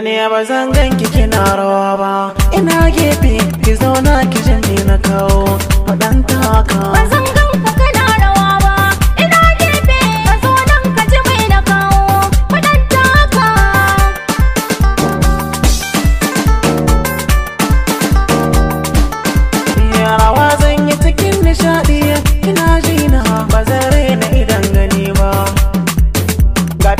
ne ba zan ki kina rawa ba ina gefe ki zauna ki jin ni na kawo faɗan ba zan ganka kana rawa ba ina gefe ka zo nan ka ji mai na kawo faɗan taka rawa zan yi cikin nishaɗi ina jina ba zan raina idan gani ba ga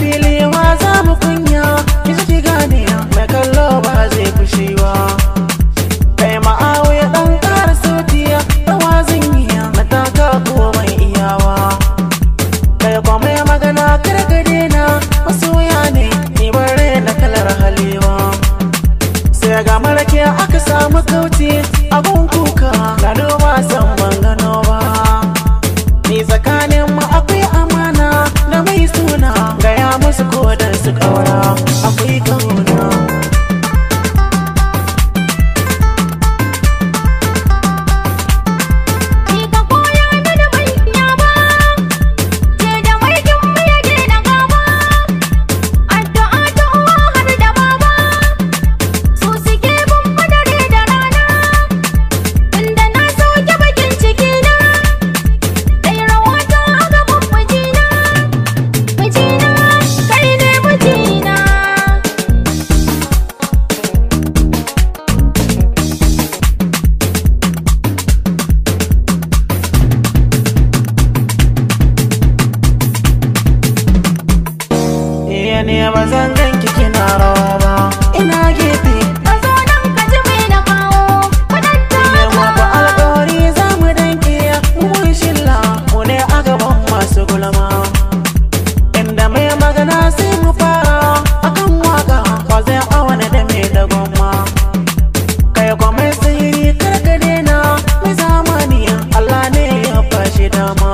ba zan ganki kina rawa ba ina gefe a zo nan ka ji mai na kawo kudatta yawa ba alƙawari za mu danke mun shilla mu ne a gaban masu gulma inda mai magana sai mu fara akan waka ba zai awana da mai da goma kai kuma mai sihiri karkade na mai zamani Allah ne ya fashi dama